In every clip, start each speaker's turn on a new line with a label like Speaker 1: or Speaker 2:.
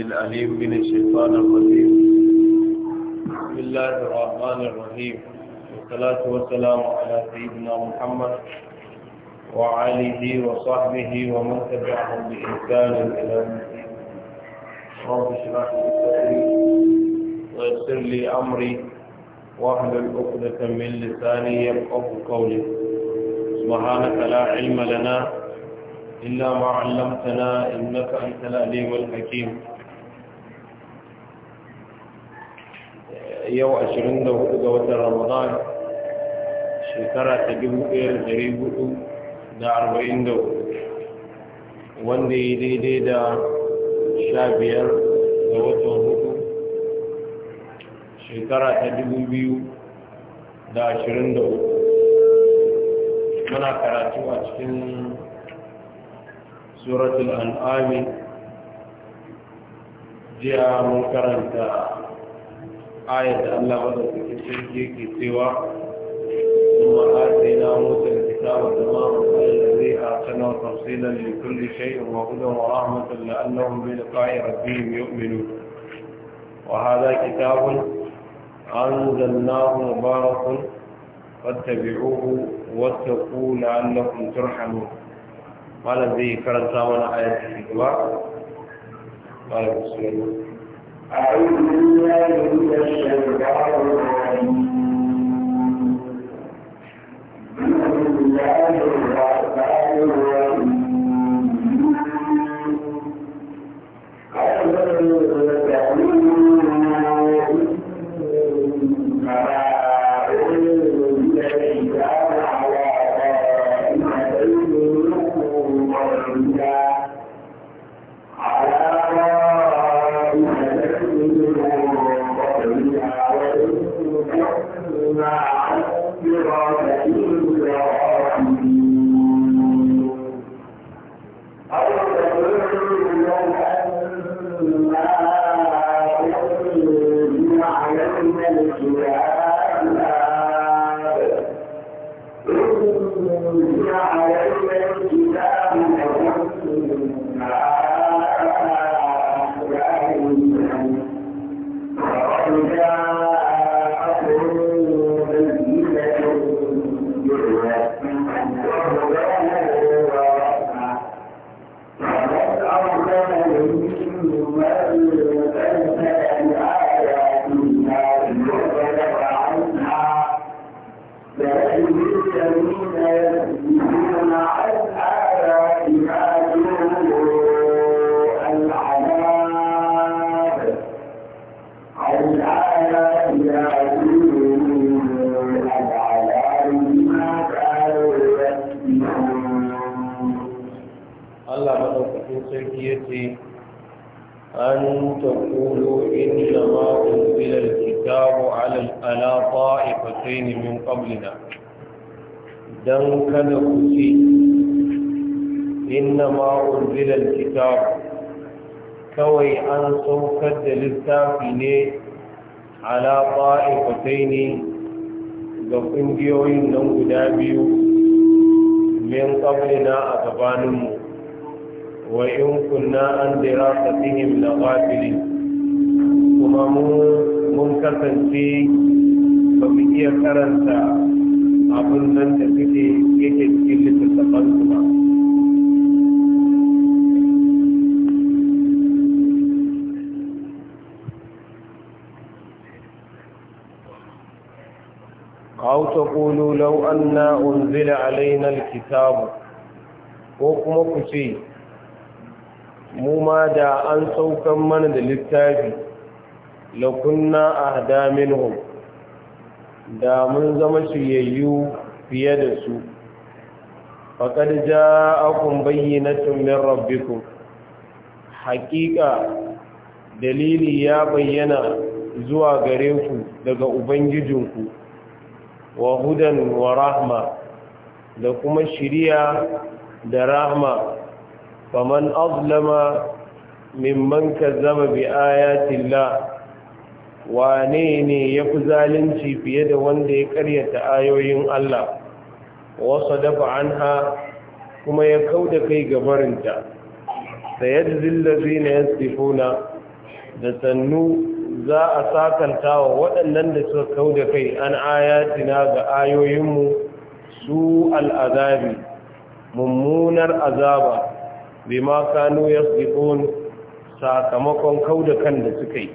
Speaker 1: الأليم من الشيطان الرجيم بسم الله الرحمن الرحيم والصلاة والسلام على سيدنا محمد وعليه وصحبه ومن تبعهم بإحسان إلى الدين رب اشرح لي صدري ويسر لي أمري واحلل عقدة من لساني يفقه قولي سبحانك لا علم لنا إلا ما علمتنا إنك أنت العليم الحكيم yau hudu ga watan ramadan shekara ta dubu hudu da da arba'in hudu, wanda ya daidai da sha biyar ga watan hudu shekara ta dubu biyu da da ashirin hudu, muna karatu a cikin suratul an'ami jiya mun karanta آية الله Allah في sarki yake ثم آتينا موسى الكتاب تماما الذي آتنا تفصيلا لكل شيء وهدى ورحمة لأنهم بلقاء ربهم يؤمنون وهذا كتاب أنزلناه مبارك فاتبعوه واتقوا لعلكم ترحمون قال الذي كرم سامنا آية الكتاب قال بسم
Speaker 2: الله أعوذ بالله من الشيطان الرجيم بسم الله الرحمن الرحيم Thank you. don kada ku ce
Speaker 1: inna ma'un zilal kitab kawai an saukar da littafi ne ala ba'ifatai ne ga ƙungiyoyin nan guda biyu min na a gabaninmu wa in kunna an dira fatihim na ƙafili
Speaker 2: kuma mun kasance ba mu iya karanta abin nan da suke yake cikin littattafan su ba
Speaker 1: أو تقولوا لو أن أنزل علينا الكتاب وكما ma مما دا saukan mana da littafi لو كنا أهدا منهم da mun zama shiryayyu fiye da su faƙar akun bayyanatun min rabbikum haƙiƙa dalili ya bayyana zuwa gare ku daga ubangijinku wa hudan wa rahma da kuma shiriya da rahma faman azlama mimman kazzaba bi ayatillah wane ne ya fi zalunci fiye da wanda ya karyata ayoyin Allah wasu dafa an ha kuma ya kau da kai gabarinta da yadda zillazi na ya da sannu za a sakanta wa waɗannan da suka kau da kai an ayatina ga ayoyinmu su al'azabi mummunar azaba ma kanu ya sakamakon kau da kan da suka yi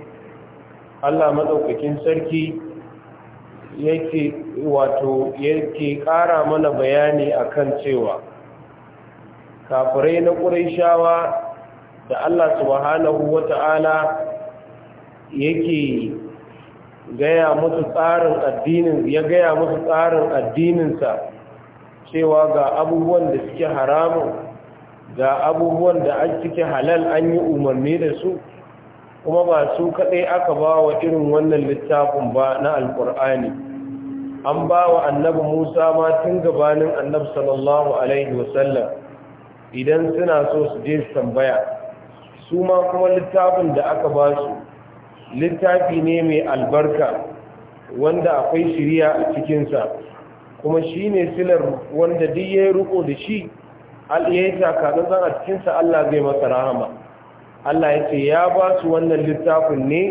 Speaker 1: Allah madaukakin sarki yake wato yake ƙara mana bayani akan cewa kafirai na ƙuraishawa da Allah subhanahu wata'ala yake gaya musu tsarin addinin ya gaya musu tsarin addininsa cewa ga abubuwan da suke haramun ga abubuwan da an cike halal an yi umarni da su kuma ba su kaɗai aka ba wa irin wannan littafin ba na alƙur'ani an ba wa annabi musa ma tun gabanin annabi sallallahu alaihi wasallam idan suna so su je su tambaya su ma kuma littafin da aka ba su littafi ne mai albarka wanda akwai shiriya a cikinsa kuma shi ne silar wanda duk ya yi riko da shi al'iyaita kaɗan zan a cikinsa allah zai masa rahama Allah ya ce ya ba su wannan littafin ne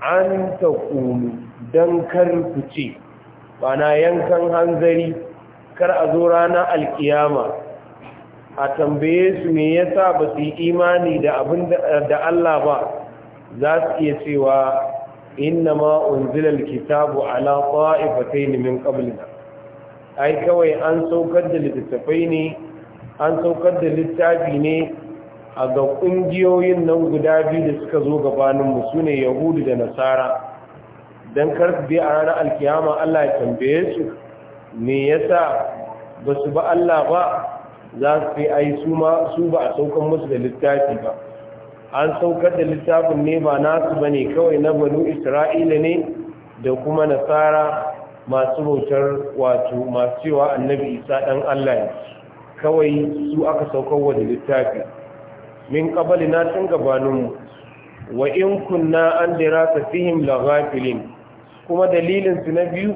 Speaker 1: an ta kunu don kar ku ce ba na yankan hanzari kar a zo rana alkiyama a tambaye su me yasa ba su yi imani da abin da Allah ba za su iya cewa inna ma unzila kitabu ala ta'ifatayn min qablina ai kawai an saukar da littattafai ne an saukar da littafi ne a ga ƙungiyoyin nan guda biyu da suka zo gabaninmu su ne yahudu da nasara don karfe a ranar alkiyama allah ya tambaye su me yasa ba su ba allah ba za su yi su ba a saukan musu da littafi ba an saukar da littafin ne ba nasu ba ne kawai na banu isra'ila ne da kuma nasara masu bautar wato masu cewa annabi isa Dan allah ne kawai su aka saukar wa da littafi min na tun gabaninmu wa in kunna an dirasatihim lagafilin? kuma dalilin su na biyu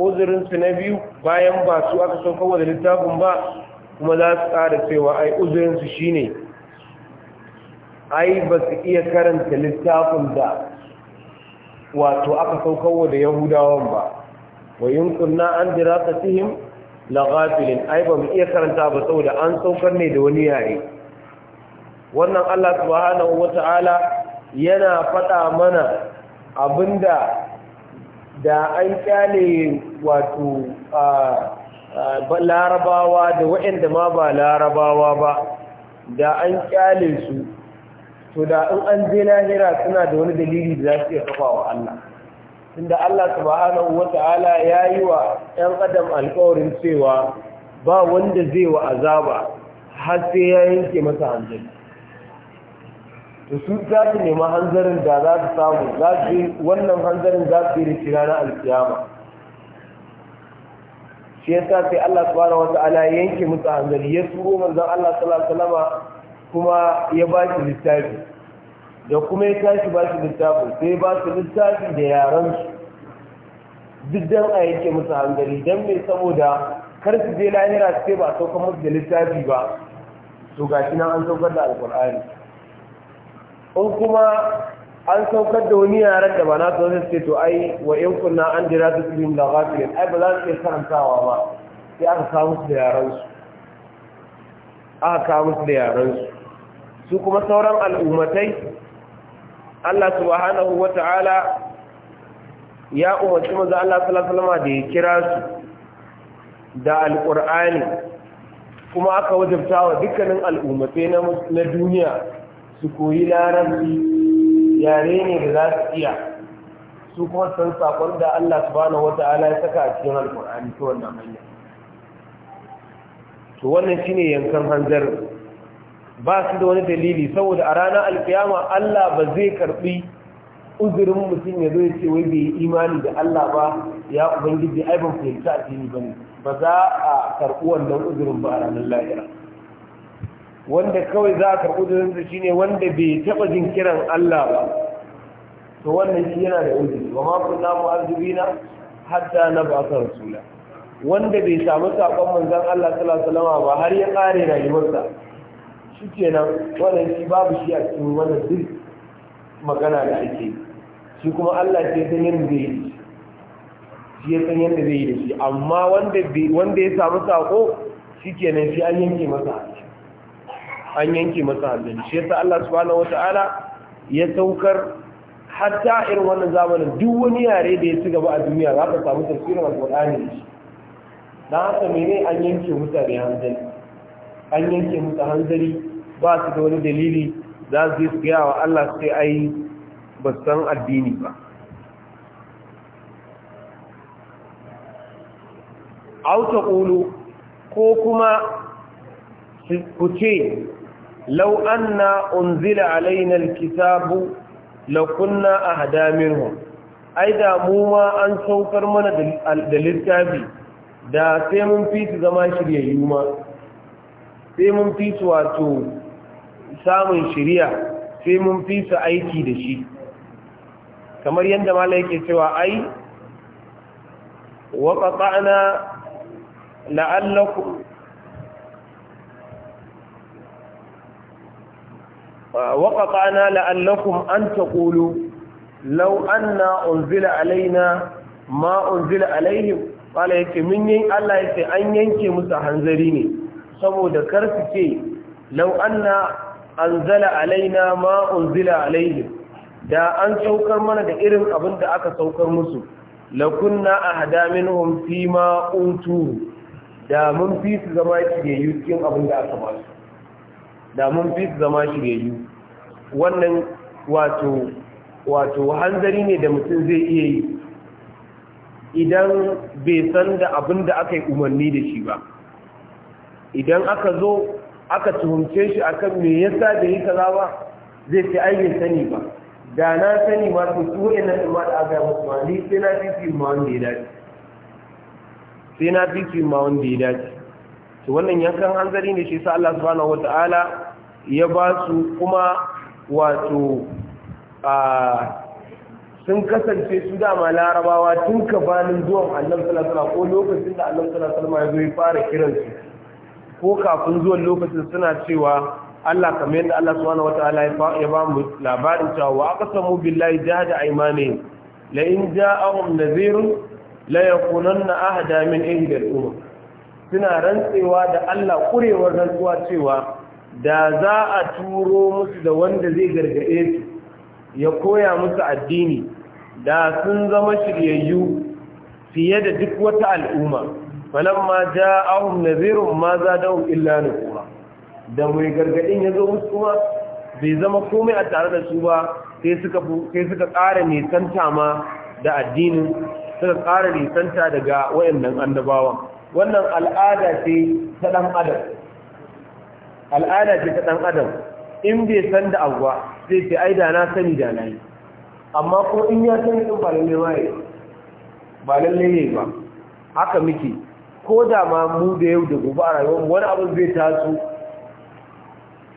Speaker 1: uzurin su na biyu bayan ba su aka sauka wa littafin ba kuma za su ƙara cewa ai uzurin su shine ai ba su iya karanta littafin da wato aka sauka wa da yahudawan ba wa in kunna an dirasatihim lagafilin? ai ba mu iya karanta ba saboda an saukar ne da wani yare wannan Allah subhanahu wata'ala yana faɗa mana abinda da an kyale wato larabawa da waɗanda ma ba larabawa ba da an kyale su to da in an je lahira suna da wani dalili da za su iya kafa wa Allah tunda Allah subhanahu wata'ala ya yi wa 'yan adam alkawarin cewa ba wanda zai wa azaba har sai ya yanke masa hanzari da su za su nema hanzarin da za su samu za su wannan hanzarin za su yi da na alkiyama shi ya sa sai Allah subhanahu ala ya yanke musu hanzari ya turo manzon Allah sallallahu alaihi kuma ya ba shi littafi da kuma ya tashi ba shi littafi sai ba su littafi da yaran su duk dan a yanke musu hanzari dan mai saboda kar su je lahira sai ba a sauka musu da littafi ba to gashi nan an saukar da alkur'ani. in kuma an saukar da wani yaren da ba na sauran ce to ai wa yin kunna an jira su ilim da ai ba za su iya karantawa ba sai aka kawo su da yarensu aka kawo su da su kuma sauran al'ummatai Allah subhanahu wa ta'ala ya umarci maza Allah salama da ya kira su da alƙur'ani kuma aka wajabta wa dukkanin al'ummatai na duniya su koyi larabci yare ne da za su iya su kuma san sakon da Allah subhanahu wata'ala ya saka a cikin alkur'ani ta wannan hanya to wannan shine yankan hanzar ba su da wani dalili saboda a ranar alkiyama Allah ba zai karbi uzurin mutum ya zai ce wai bai imani da Allah ba ya ubangiji ai ban fahimta addini bane ba za a karɓi wannan uzurin ba a ranar lahira wanda kawai za a karɓi shi shine wanda bai taɓa jin kiran Allah ba to wannan shi yana da uzuri wa ma kunna na? hatta na ba sa rasula wanda bai samu sakon manzan Allah sallallahu alaihi wasallam ba har ya kare rayuwarsa shikenan wannan shi babu shi a cikin wannan duk magana da ake shi kuma Allah ce san yadda zai yi shi ya san yadda zai yi da shi amma wanda ya samu ke nan, shi an yanke masa an yanke masa hanzari shi yasa Allah subhanahu wata'ala ya saukar hatta irin wannan zamanin duk wani yare da ya ci gaba a duniya za ka samu tafsirin alƙur'ani da shi na haka mene an yanke mutane hanzari an yanke musa hanzari ba su da wani dalili za su yi su wa Allah sai ai ba san addini ba auta Kulu ko kuma ku ce lau na unzila alaina alkitabu lakunna ahda minhum ai da mu ma an saukar mana da littafi da sai mun fi su zama shiryayyu ma sai mun fi wato samun shirya sai mun fi aiki da shi kamar yadda mala yake cewa ai waƙaƙa'ana la'allaku وقطعنا لأنكم أن تقولوا لو أن أنزل علينا ما أنزل عليهم قال يكي من ين الله يكي أن ينكي متحنزريني سمو ذكرت كي لو أن أنزل علينا ما أنزل عليهم دا أن سوكر من دا إرم أبن دا أكا سوكر مسو لكنا أهدا منهم فيما أوتوه da mun fi su zama ke yi cikin abin da aka ba su da mun fi zama yi wannan wato wato hanzari ne da mutum zai iya yi idan bai san da abin da aka yi umarni da shi ba idan aka zo aka tuhumce shi akan me yasa da yi kaza ba zai ce ai bai sani ba da na sani ma su su ina ma da aga musu ma ni sai na fi fi ma wanda ya dace sai na fi fi ma wanda ya dace to wannan yankan hanzari ne shi sa Allah subhanahu wataala ya ba su kuma wato a sun kasance su dama larabawa tun kafanin zuwan annabi sallallahu alaihi wasallam ko lokacin da annabi sallallahu alaihi wasallam ya zo ya fara kiransu ko kafin zuwan lokacin suna cewa Allah kamar yadda Allah subhanahu wataala ya ba mu labarin cewa wa aqsamu billahi jahada aymani la in ja'ahum nadhirun la yakunanna ahada min ihdi al-umam suna rantsewa da Allah kurewar rantsuwa cewa da za a turo musu da wanda zai gargaɗe su ya koya musu addini da sun zama shiryayyu fiye da duk wata al'umma falamma ja'ahum nadhirun ma zadahum illa nufura da mai gargadin ya zo musu kuma bai zama komai a tare da su ba sai suka sai suka ƙara nisanta ma da addinin suka ƙara nisanta daga wayannan annabawan wannan al'ada ce ta ɗan adam al'ada ce ta ɗan adam in bai san da abuwa sai ce ai da na sani da na yi amma ko in ya sani ɗin ba lalle ba ba lalle ne ba haka muke ko da ma mu da yau da gobe a rayuwa wani abin zai taso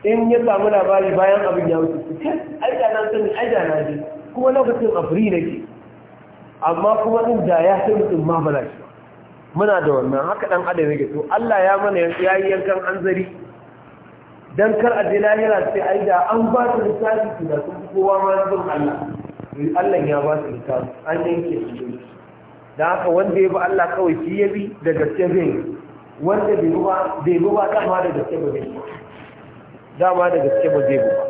Speaker 1: in ya samu labari bayan abin ya wuce su ce ai da na sani ai da na je kuma lokacin afiri nake amma kuma in da ya sani ɗin ma ba na shi muna da wannan haka dan adam yake to Allah ya mana yi yankan anzari dan kar a je lahira sai ai da an ba su lissafi su da sun kowa ma zan Allah Allah ya ba su lissafi an yanke su da haka wanda ya bi Allah kawai shi ya bi da gaske zai wanda bai ruwa ta ma da gaske ba zai ma da gaske ba zai bi ba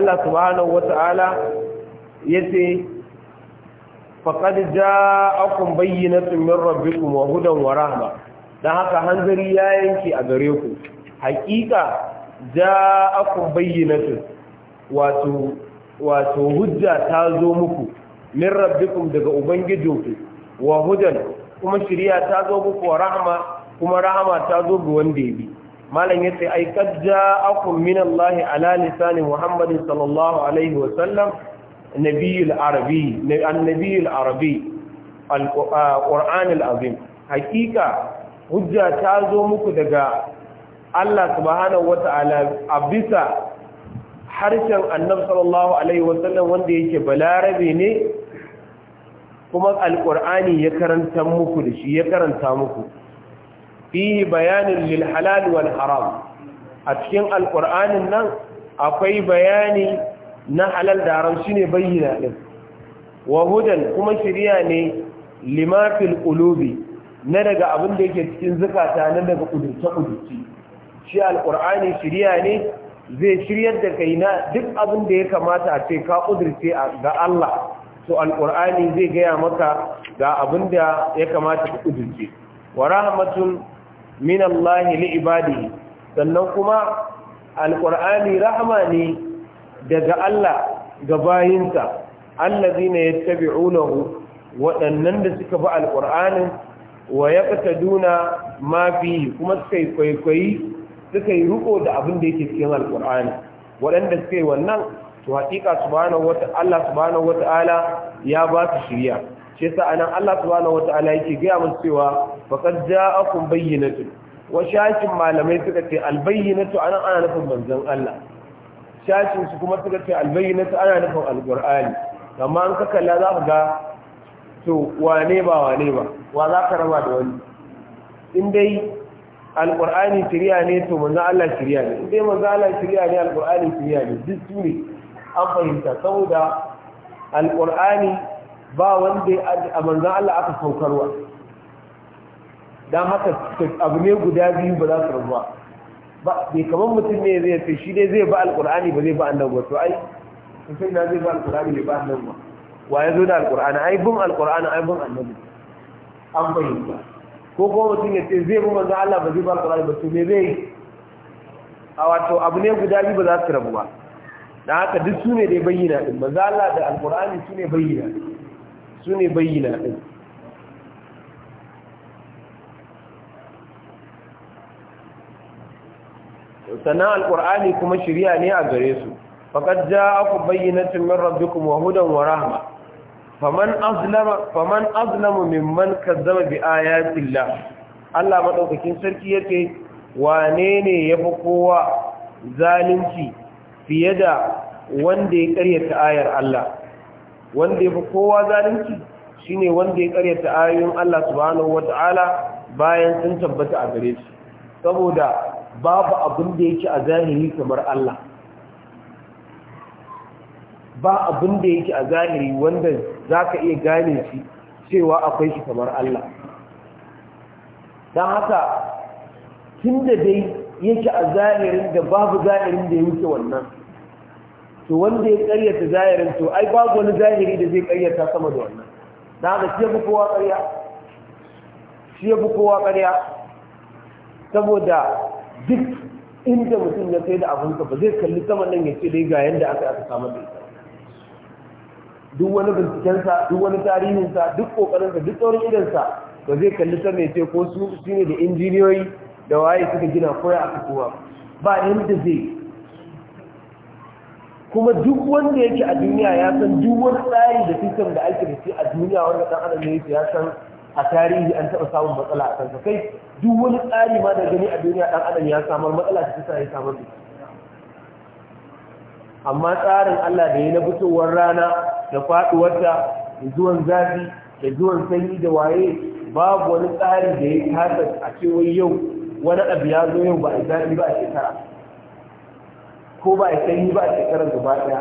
Speaker 1: Allah subhanahu wata'ala ya faƙad ja'akum bayyinatun min rabbi kuma hudan wa rahma dan haka hanzari ya yanke a gare ku haƙiƙa akun bayyana wato wato hujja ta zo muku min rabbikum daga ubangijinku wa hudan kuma shirya ta zo muku wa rahma kuma rahama ta zo ga wanda ya bi malam ya ce ai kad akun min Allah ala lisani Muhammadin sallallahu alaihi Wasallam? nabiyul arabi annabiyul arabi alquranul azim hakika hujja ta zo muku daga Allah subhanahu wata'ala a bisa harshen annabi sallallahu alaihi wasallam wanda yake balarabe ne kuma alqur'ani ya karanta muku da shi ya karanta muku fi bayanin lil halal wal haram a cikin alqur'anin nan akwai bayani na halal da shi shine bayyana ɗin. Wahudan kuma shirya ne lima Ulubi, na daga abin da yake cikin zukata na daga kudurce kudurci shi alqur'ani shirya ne zai shiryar da kai na duk abin da ya kamata a ce ka kudurce ga Allah to alqur'ani zai gaya maka ga abin da ya kamata ka kudurce wa rahmatun min Allah li sannan kuma alqur'ani rahma ne daga Allah ga bayinsa allazina yattabi'unahu waɗannan da suka bi alqur'anin wa yaqtaduna ma fi kuma suka yi kwaikwayi suka yi riko da abin da yake cikin Alƙur'ani. waɗanda suka yi wannan to haƙiƙa subhanahu Allah wata wata'ala ya ba su shirya. shi yasa anan Allah subhanahu wata'ala yake gaya masu cewa faqad ja'akum bayyinatu wa shakin malamai suka ce albayyanatu anan ana nufin manzon Allah shashin su kuma suka ce albayyana ta ana nufin Alƙur'ani. amma an ka kalla za ku ga to wane ba wane ba wa za ka raba da wani in dai Alƙur'ani shiriya ne to manzo Allah shirya ne in dai manzo Allah shirya ne Alƙur'ani shiriya ne duk su ne an fahimta saboda Alƙur'ani ba wanda a manzo Allah aka saukarwa dan haka abu ne guda biyu ba za su rabuwa ba bai kamar mutum ne zai fi shi ne zai ba alkur'ani ba zai ba annan ba to ai sai na zai ba alkur'ani bai ba annan ba wa ya zo da alkur'ani ai bin alkur'ani ai bin annabi an fahimta ko kuma mutum ya ce zai bi manzo Allah ba zai ba alkur'ani ba to me zai a wato abu ne guda biyu ba za su rabu ba Na haka duk su ne dai bayyana din manzo Allah da alkur'ani su ne bayyana su ne bayyana din sannan alqur'ani kuma shiriya ne a gare su faqad ja'akum bayyinatun min rabbikum wa hudan wa rahma faman azlama mimman kazzaba bi ayati Allah maɗaukakin sarki ce, wane ne fi kowa zalunci fiye da wanda ya karyata ayar Allah wanda fi kowa zalunci shine wanda ya karyata ayoyin Allah subhanahu wataala bayan sun tabbata a gare su, saboda babu abin da yake a zahiri kamar Allah ba abin da yake a zahiri wanda za ka iya gane shi cewa akwai shi kamar Allah don haka tun da dai yake a zahirin da babu zahirin da ya wuce wannan to wanda ya karyata zahirin to ai babu wani zahiri da zai karyata sama da wannan don haka shi yafi kowa karya shi ya kowa karya saboda duk inda mutum ya sai da ka ba zai kalli sama nan ya ce dai ga yadda aka aka samar da ita duk wani bincikensa duk wani tarihinsa duk kokarinsa duk tsaurin idansa ba zai kalli sama ya ce ko su ne da injiniyoyi da waye suka gina koya aka kowa ba yadda zai kuma duk wanda yake a duniya ya san duk wani tsari da sistem da ake da shi a duniya wanda dan adam ne ya san a tarihi an taɓa samun matsala a kansa kai duk wani tsari ma da gani a duniya ɗan adam ya samar matsala ta sa ya samar da amma tsarin Allah da ya na fitowar rana da faɗuwarta da zuwan zafi da zuwan sanyi da waye babu wani tsari da ya kasa a cewar yau wani abu ya zo yau ba a zafi ba a shekara ko ba a sanyi ba a shekarar gaba ɗaya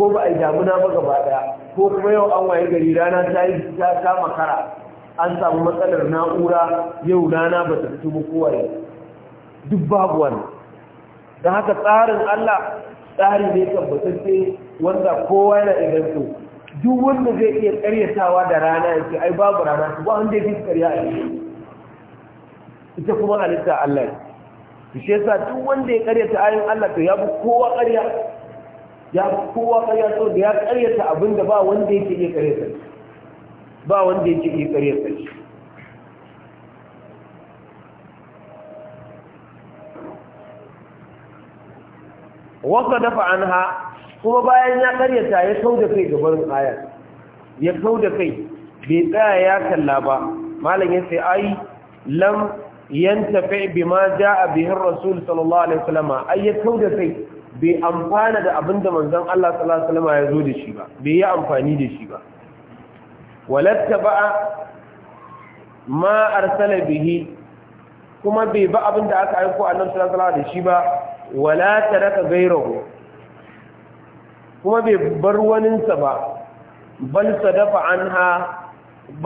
Speaker 1: ko ba a damuna ba gaba ɗaya ko kuma yau an waye gari rana ta yi ta makara an samu matsalar na'ura yau rana ba ta fito ba kowa duk babu wani don haka tsarin Allah tsari ne tabbatacce wanda kowa yana inganto duk wanda zai iya karyatawa da rana yake ai babu rana su ba wanda ya fi karya a yi ita kuma halitta Allah ne shi yasa duk wanda ya karyata ayin Allah to ya fi kowa karya ya fi kowa karya so da ya karyata abin da ba wanda yake iya karyata ba wanda yake yi ƙaryar shi waka dafa anha kuma bayan ya ƙaryata ya sau da kai gaban ayar ya sau da kai bai tsaya ya kalla ba malam ya sai ai lam ma ja a bihin rasul sallallahu alaihi wasallama ai ya sau da kai bai amfana da abinda manzon Allah sallallahu alaihi wasallama ya zo da shi ba bai yi amfani da shi ba walattaba ma arsala bihi kuma bai ba abin da aka aiko annabi sallallahu alaihi da shi ba wala taraka gairahu kuma bai bar waninsa ba bal sadafa anha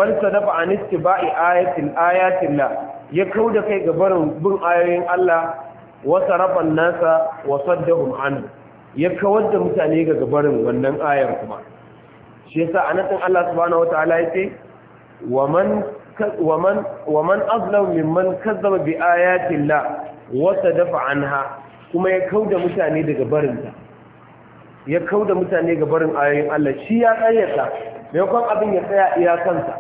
Speaker 1: bal sadafa an istiba'i ayatil ya kauda kai ga barin bin ayoyin Allah wa sarafan nasa wa saddahum an ya kawar da mutane ga gabarin wannan ayar kuma shi yasa anatin Allah subhanahu wataala yace waman waman waman azlamu mimman kazzaba bi ayati Allah wa tadafa anha kuma ya kauda mutane daga barinta ya kauda mutane ga barin ayoyin Allah shi ya me maimakon abin ya tsaya iya kansa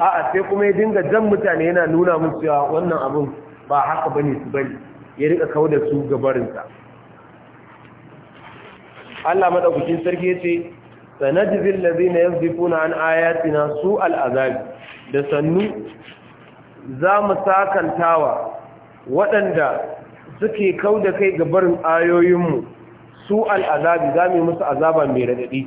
Speaker 1: a'a sai kuma ya dinga jan mutane yana nuna musu cewa wannan abin ba haka bane su bane ya rika kauda su ga barinsa Allah madaukakin sarki yace sanajzi yanzu yazifuna an ayatina su al'azabi da sannu za mu sakantawa waɗanda suke kau da kai ga barin ayoyinmu su al'azabi za mu yi musu azaba mai raɗaɗi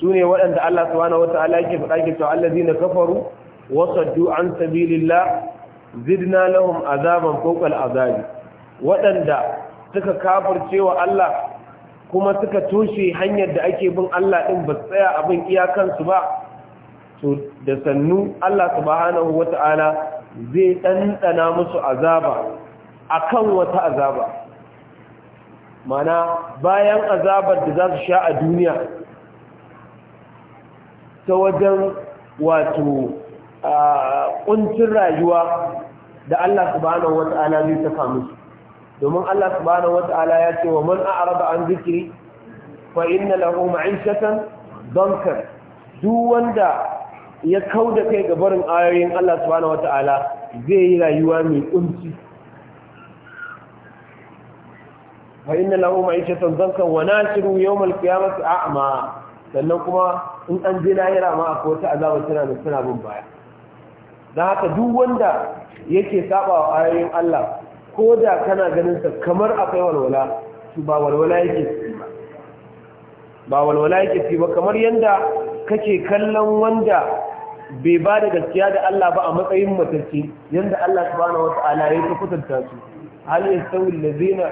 Speaker 1: su ne waɗanda Allah wata wata'ala yake faɗa ke cewa allazi na kafaru wasaddu an sabilillah zidna lahum azaban fawqa azabi waɗanda suka kafar cewa Allah kuma suka toshe hanyar da ake bin Allah ɗin ba tsaya abin iyakansu ba to da sannu Allah subhanahu wata'ala zai ɗanɗana musu azaba akan wata azaba mana bayan azabar da za su sha a duniya ta wajen wato ƙuncin rayuwa da Allah subhanahu wata'ala zai saka musu domin Allah subhanahu wata'ala ya ce wa man a'rada an zikri fa inna lahu ma'ishatan dankan duk wanda ya kauda kai ga barin ayoyin Allah subhanahu wata'ala zai yi rayuwa mai kunci fa inna lahu ma'ishatan dankan wa nasiru yawmal qiyamati a'ma sannan kuma in an je lahira ma akwai wata azaba tana da suna bin baya dan haka duk wanda yake saba wa ayoyin Allah ko da kana ganin sa kamar akwai walwala to ba walwala yake fi ba ba walwala yake fi ba kamar yanda kake kallon wanda bai ba da gaskiya da Allah ba a matsayin matacce yanda Allah subhanahu wata'ala ya ta kutanta su hal yastawi allazina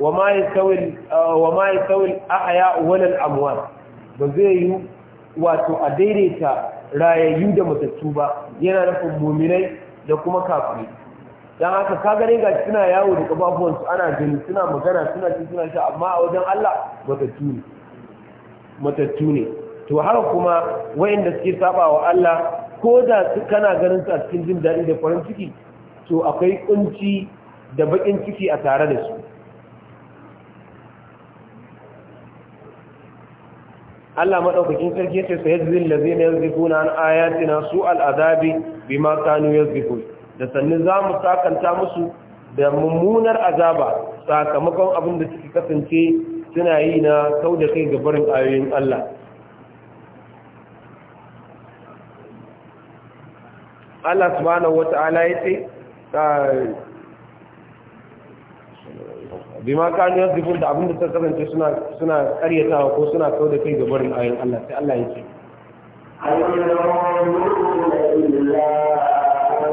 Speaker 1: wa ma yastawi wa ma yastawi al-ahya wal amwat ba zai yi wato a daidaita rayayyu da matattu ba yana nufin muminai da kuma kafirai dan haka ka gare ga suna yawo da kafafuwan su ana gani suna magana suna ci suna sha amma a wajen Allah matattu ne to haka kuma wayanda suke saba wa Allah ko da kana ganin su a cikin jin daɗi da farin ciki to akwai kunci da bakin ciki a tare da su Allah madaukakin sarki yace sayyidul ladzina yazikuna an ayatina su al'adabi azabi bima kanu yazikun da sannu za mu sakanta musu da mummunar azaba sakamakon abin da suke kasance suna yi na kau da kai ga barin ayoyin Allah Allah subhanahu wata'ala ya ce bima kanu yanzu da abin da suka kasance suna karyatawa ko suna kau da kai ga barin ayoyin Allah sai Allah
Speaker 2: ya ce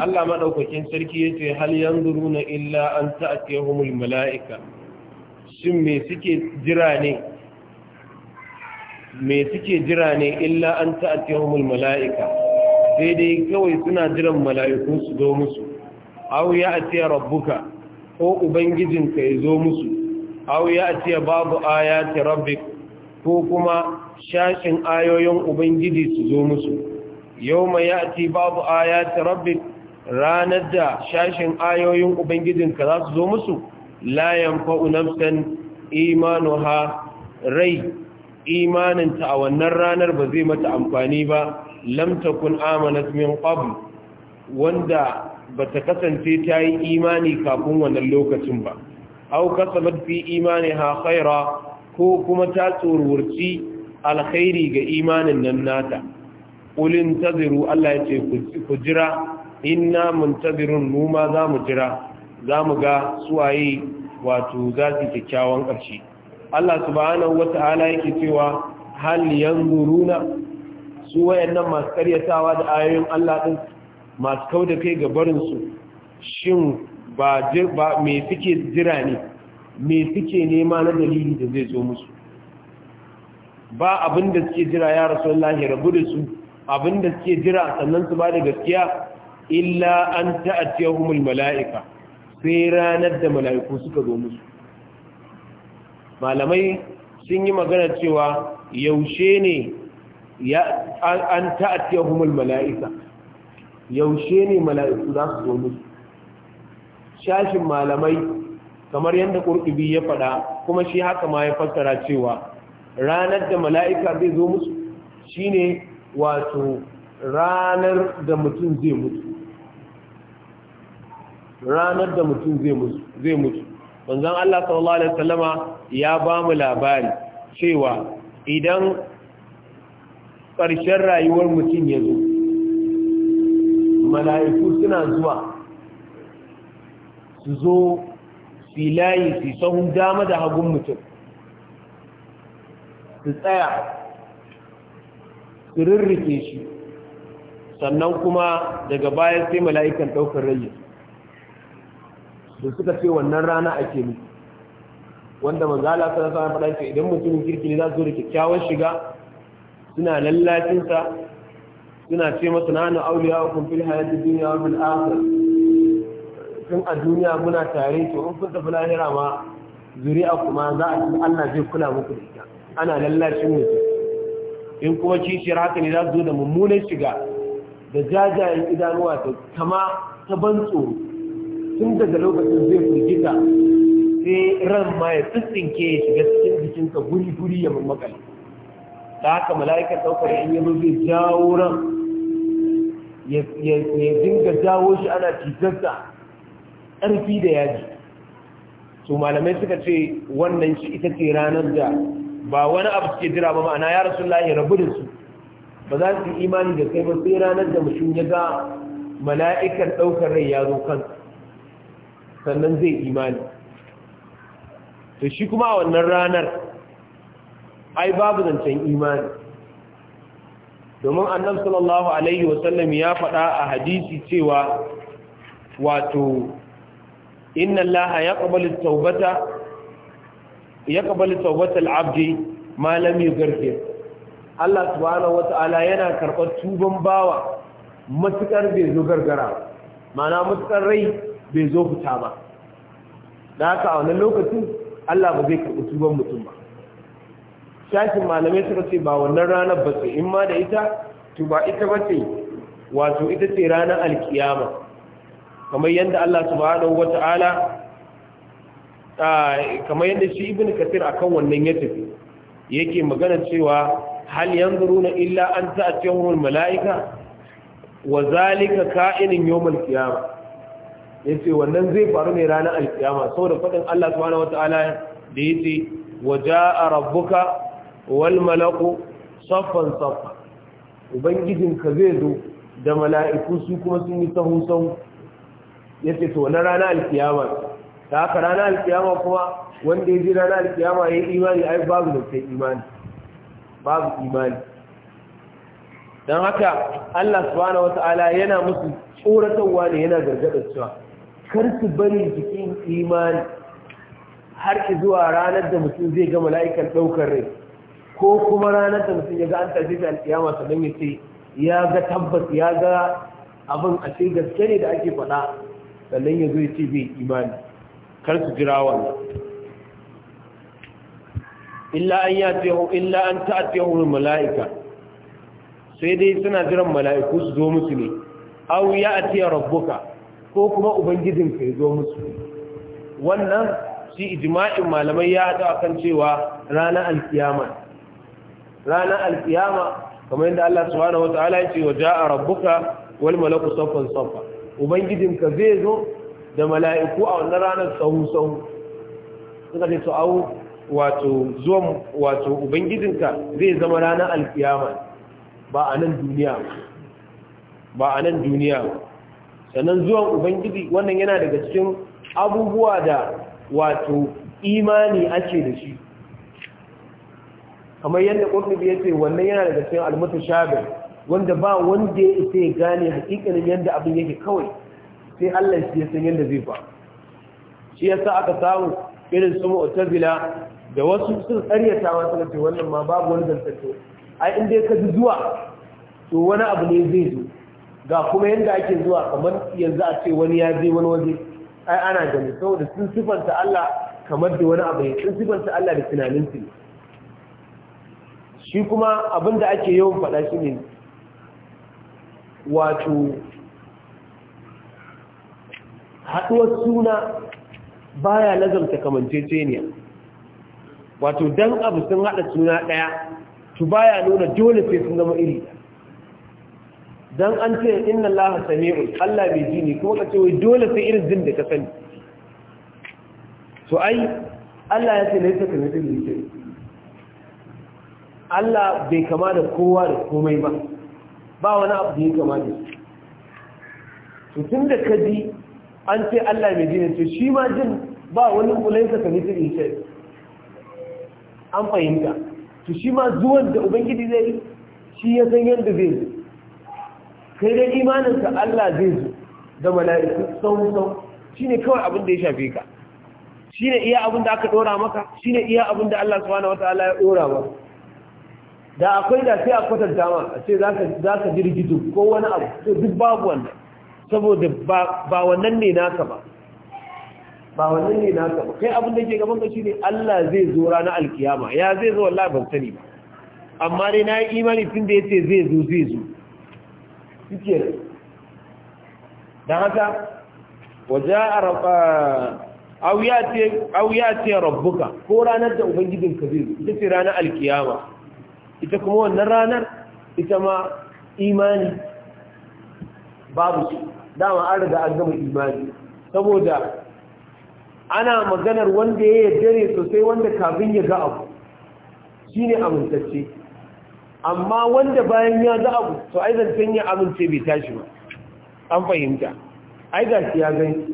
Speaker 1: Allah madaukakin sarki yace hal yanzuruna illa an ta'tiyahumul malaika shin me suke jira ne me suke jira ne illa an ta'tiyahumul malaika sai dai kawai suna jiran mala'ikun su zo musu aw ya'ti rabbuka ko ubangijinka ya zo musu aw ya'ti babu ayati rabbik ko kuma shashin ayoyin ubangiji su zo musu Yau ya ya'ti babu ayati rabbik ranar da shashin ayoyin ubangijinka za su zo musu layan fa'unamsan ha rai imaninta a wannan ranar ba zai mata amfani ba lamta kun amanat min ƙwab wanda ba ta kasance ta yi imani kafin wannan lokacin ba au kasabat fi ha khaira ko kuma ta tsorurci alkhairi ga imanin nan nata ta taziru Allah ya ce ku jira inna muntabirun mu ma za mu jira za mu ga suwaye wato za su kyakkyawan ƙarshe Allah subhanahu wata'ala yake cewa hal yanzuruna su wayannan masu karyatawa da ayoyin Allah din masu kauda kai ga barin su shin ba ba me suke jira ne me suke nema na dalili da zai zo musu ba abin da suke jira ya rasulullahi rabu da su abin da suke jira sannan su ba da gaskiya illa an humul mala'ika sai ranar da mala'iku suka zo musu malamai sun yi magana cewa yaushe ne an ta'atiyahumul mala'ika yaushe ne mala'iku za su zo musu shashin malamai kamar yadda ƙurƙubi ya faɗa kuma shi haka ma ya fassara cewa ranar da mala'ika zai zo musu shine wato ranar da mutum zai mutu ranar da mutum zai mutu wanzan Allah sallallahu Alaihi wasallama ya ba mu labari cewa idan ƙarshen rayuwar mutum ya zo mala'iku suna zuwa su zo filayi su sahun dama da hagun mutum su tsaya su rirrike shi sannan kuma daga bayan sai mala'ikan ɗaukar rayu da suka ce wannan rana ake nufi wanda maza ta sa faɗa ce idan mutumin kirki ne za su da kyakkyawan shiga suna lallacinsa suna ce masa na auliya wa kun hayati duniya wa bil tun a duniya muna tare to in kun tafi lahira ma zuri'a kuma za a ci Allah zai kula muku da ita ana lallacin mutum in kuma kishiyar haka ne za su zo da mummunan shiga da jajayen idanuwa ta kama ta ban tsoro tun daga lokacin zai firgita sai ran ma ya tsintsinke ya shiga cikin jikinsa guri-guri ya mamakale ta haka mala'ikar ɗaukar in yanzu zai jawo ran ya dinga jawo shi ana cizarsa ƙarfi da yaji su malamai suka ce wannan shi ita ce ranar da ba wani abu suke jira ba ma'ana ya rasu lahi rabu da su ba za su yi imani da sai ba sai ranar da mutum ya ga mala'ikar ɗaukar rai ya zo kansu sannan zai imani to shi kuma a wannan ranar ai babu zancen imani domin annab sallallahu alaihi wasallam ya faɗa a hadisi cewa wato inna allaha yaqbalu tawbata yaqbalu abdi ma Allah subhanahu wata'ala yana karɓar tuban bawa matukar bai zo gargara mana matukar rai bai zo fita ba da haka a wannan lokacin Allah ba zai karɓi tuban mutum ba shafin malamai suka ce ba wannan ranar ba in ma da ita to ba ita ba ce wato ita ce ranar alkiyama kamar yadda Allah subhanahu wata'ala kamar yadda shi ibn kathir akan wannan ya tafi yake magana cewa hal yanzuruna illa an ta'tiyahumul malaika wa zalika ka'inin yawmal qiyamah yace wannan zai faru ne ranar alkiyama saboda fadin Allah subhanahu wataala da ya ce, waje a rabbuka wal malaku saffan saffa ubangijinka zai zo da mala'iku su kuma sun yi sahu ya yace to wannan ranar alkiyama ta haka ranar alkiyama kuma wanda ya ji ranar alkiyama ya yi imani ai babu da sai imani babu imani don haka Allah subhanahu wata'ala yana musu tsoratarwa ne yana gargadar cewa kar su bari jikin imani har zuwa ranar da mutum zai ga mala'ikan ɗaukar rai ko kuma ranar da mutum ya ga an tafi da alƙiyama sannan ya ce ya ga tabbas ya ga abin a ce gaske ne da ake faɗa sannan ya zo ya ce bai imani kar su jira wannan illa an ya illa an ta'atiyahu mala'ika sai dai suna jiran mala'iku su zo musu ne aw ya atiya rabbuka ko kuma ubangijinka ya zo musu wannan shi ijma'in malamai ya haɗu kan cewa ranar alkiyama ranar alkiyama kamar yadda Allah subhanahu wataala ya ce wa ja'a rabbuka wal malaku saffan saffa ubangijinka zai zo da mala'iku a wannan ranar sahu sahu suka ce to au wato zuwan wato ubangijinka zai zama ranar alkiyama ba a nan duniya ba a nan duniya ba sannan zuwan ubangiji wannan yana daga cikin abubuwa da wato imani ake da shi kamar yadda ƙwarfi ya ce wannan yana daga cikin almutashabih wanda ba wanda ya ita ya gane hakikanin yadda abin yake kawai sai Allah shi ya san yadda zai ba shi ya sa aka samu irin su da wasu sun wasu suka ce wannan ma babu wani zantance ai inda ya kaji zuwa to wani abu ne zai zo ga kuma yadda ake zuwa kamar yanzu a ce wani ya je wani waje ai ana gani saboda sun sifanta Allah kamar da wani abu sun sifanta Allah da tunanin su shi kuma abin da ake yawan faɗa shi ne wato haɗuwar suna baya lazamta kamanceceniya wato dan abu sun haɗa suna ɗaya to baya nuna dole sai sun zama iri ɗaya dan an ce inna allaha sami'un Allah bai ji ne kuma kace wai dole sai irin jin da ka sani to ai Allah ya ce ne ta kana din ne Allah bai kama da kowa da komai ba ba wani abu da ya kama da shi to tunda ka ji an ce Allah mai ji ne to shi ma jin ba wani kulaisa kana jin ne an fahimta to shi ma zuwan da ubangiji zai yi shi ya san yadda zai yi kai dai imaninsa Allah zai zo da mala'iku sau sau shine kawai abin da ya shafe ka shine iya abin da aka ɗora maka shine iya abin da Allah subhanahu wataala ya ɗora maka da akwai da sai a kwatar dama a ce za ka jirgizu ko wani abu sai duk babu wannan saboda ba wannan ne naka ba ba wannan ne naka ba kai abin da ke gaban ka ne Allah zai zo ranar alkiyama ya zai zo wallahi ban sani ba amma dai na yi imani tun da ce zai zo zai zo suke da haka waje a auya ce rabbuka ko ranar da ubangijin kabir ita ce ranar alkiyama ita kuma wannan ranar ita ma imani babu shi dama an riga an gama imani saboda ana maganar wanda ya yi ne sosai wanda kafin ya ga abu shi ne amintacce amma wanda bayan ya za abu to ai zancen ya amince bai tashi ba an fahimta ai ga shi ya gan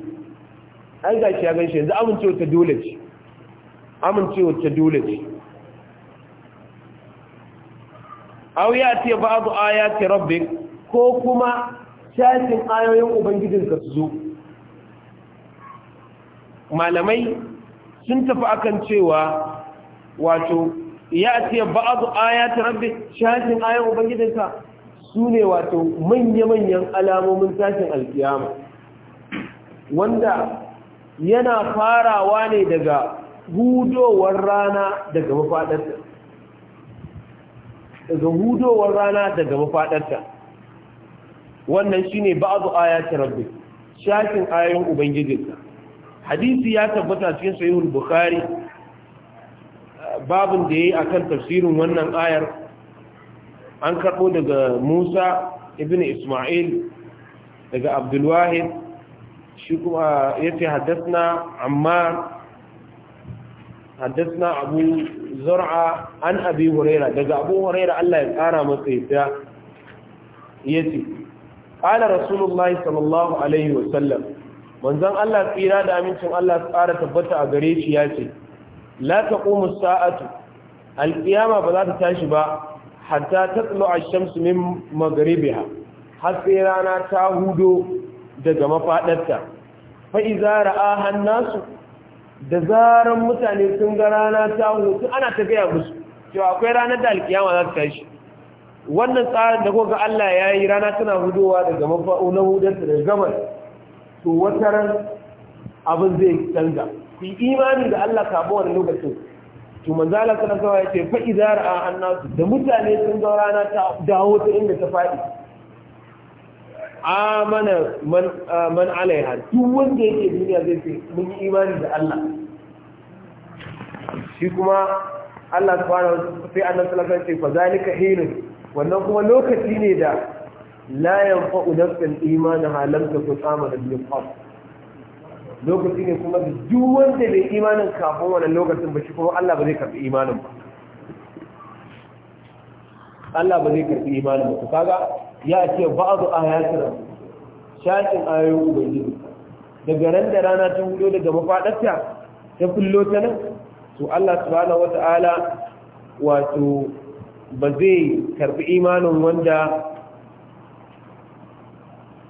Speaker 1: ai ga shi ya gan yanzu amincewa dole ce amincewa ta dole ce aw ya ce ba'du ayati rabbik ko kuma shafin ayoyin ubangijinka su zo malamai sun tafi akan cewa wato ya ce ba'adu ta rabbi shafin ayan ubangijinka su ne wato manya-manyan alamomin tashin alkiyama wanda yana farawa ne daga hudowar rana daga mafaɗarta daga hudowar rana daga mafaɗarta wannan shi ne ba'adu ta rabbi shafin ayan ubangijinka hadisi ya tabbata cikin sayi hulbukhari babin da ya yi a kan tafsirin wannan ayar an karɓo daga musa ibn ismail daga abdulwahid shi kuma ya ce haddasa amma haddasa abu zura an abi huraira daga abu huraira allah ya tsara masa yadda ya ce ƙala rasulullahi sallallahu alaihi wasallam manzan allah tsira da amincin allah tsara tabbata a gare shi ya ce la taqumu sa'atu alqiyama ba za ta tashi ba hatta tatlu ash-shamsu min maghribiha har sai rana ta hudo daga mafadarta fa idza ra'aha an-nasu da zaran mutane sun ga rana ta hudu ana ta gaya musu cewa akwai ranar da alƙiyama za ta tashi wannan tsarin da kuka Allah ya yi rana tana hudowa daga mafa'o na hudarta daga gama to wata abin zai canza ku yi imani da Allah bawa wani lokacin to manzo Allah sallallahu alaihi wasallam ya ce fa idza ra'a annasu da mutane sun ga rana ta dawo ta inda ta fadi amana man man alaiha duk wanda yake duniya zai ce mun yi imani da Allah shi kuma Allah subhanahu sai annabi sallallahu alaihi wasallam ya ce fa zalika hinun wannan kuma lokaci ne da la yanfa'u nafsan imanaha lam takun amanat bil qabl lokaci ne kuma da duk wanda bai imanin kafin wannan lokacin ba shi kuma Allah ba zai karbi imanin ba Allah ba zai karbi imanin ba to kaga ya ce ba'du ayatin shakin ayoyin ubangiji daga ran da rana ta hudo daga mafadarta ta fullo ta nan to Allah subhanahu wata'ala wato ba zai karbi imanin wanda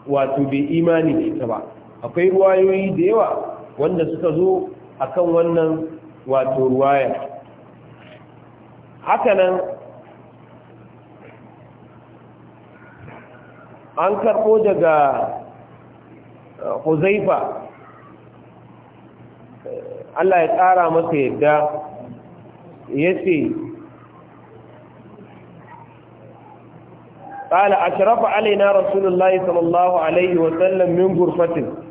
Speaker 1: wato bai imani ne ta ba akwai ruwayoyi da yawa wanda suka zo akan wannan wato ruwaya hakanan an karɓo daga eh, huzaifa Allah ya tsara masa yadda ya ce ƙala a رسول alaina صلى الله عليه وسلم min gurfatin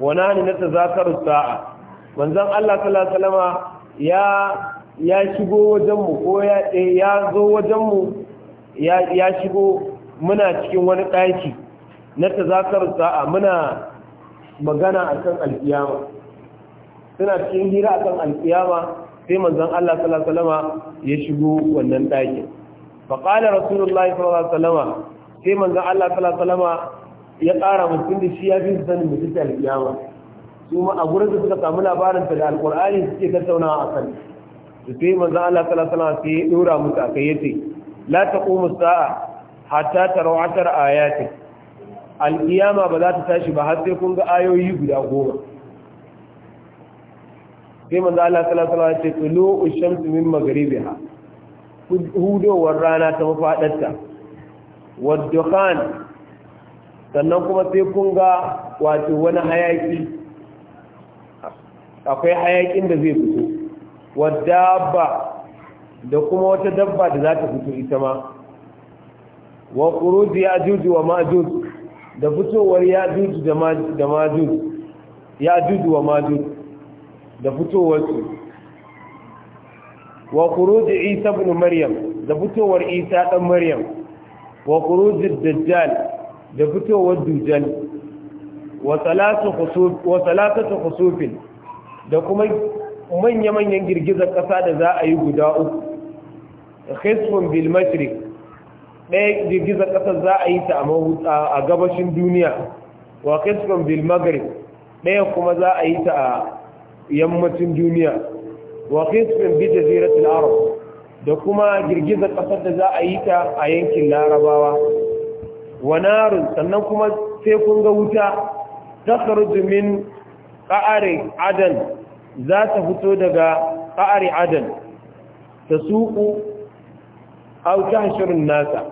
Speaker 1: wana ne na tazakaru sa'a manzon Allah sallallahu alaihi wasallama ya ya shigo wajen mu ko ya eh, ya zo wajen mu ya ya shigo muna cikin wani ɗaki na tazakaru sa'a muna magana akan alkiyama suna cikin hira akan alkiyama sai manzon Allah sallallahu alaihi ya shigo wannan ɗakin fa qala rasulullahi sallallahu alaihi wasallama sai manzon Allah sallallahu alaihi ya ƙara mutum da shi ya fi sanin mutum ta alƙiyama su ma a gurin da suka samu labarin da alƙur'ani suke tattaunawa a kan su sai manzan Allah sallallahu alaihi sai ya ɗora musu akai yace la taqumu sa'a hatta taraw ashar ayati alƙiyama ba za ta tashi ba har sai kun ga ayoyi guda goma sai manzo Allah sallallahu alaihi wasallam ya ce tulu ash min maghribiha hudowar rana ta mafaɗarta. wad sannan kuma sai kun ga wato wani hayaki akwai hayakin da zai fito wadda ba da kuma wata dabba da za ta fito ita ma wa kuruji ya juju wa majus da fitowar ya juju da majuj ya juju wa majus da fitowar su wa kuruji isa ibn maryam da fitowar isa dan maryam wa kuruji dajjal da fitowar dujan wa salatatu khusufin da kuma manya-manyan girgizar ƙasa da za a yi guda uku khisfun bil mashriq ɗaya girgizar ƙasa za a yi ta a gabashin duniya wa khisfun bil maghrib ɗaya kuma za a yi ta a yammacin duniya wa khisfun bi jaziratil arab da kuma girgizar ƙasar da za a yi ta a yankin larabawa wa narun sannan kuma sai kun ga wuta ta kharuju min qa'ari adan za ta fito daga qa'ari adan ta suku aw tahshurun nasa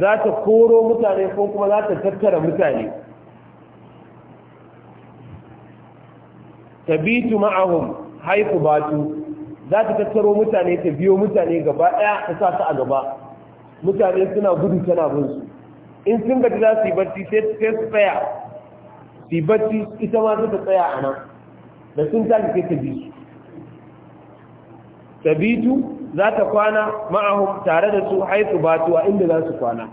Speaker 1: za ta koro mutane ko kuma za ta tattara mutane tabitu ma'ahum haifu batu za ta tattaro mutane ta biyo mutane gaba ɗaya ta sa su a gaba mutane suna gudu tana bin su in sun gaji za su yi barci sai su tsaya su yi barci ita ma ta tsaya a nan da sun tashi sai ta bi su tabitu za ta kwana ma'ahum tare da su haitu batuwa inda za su kwana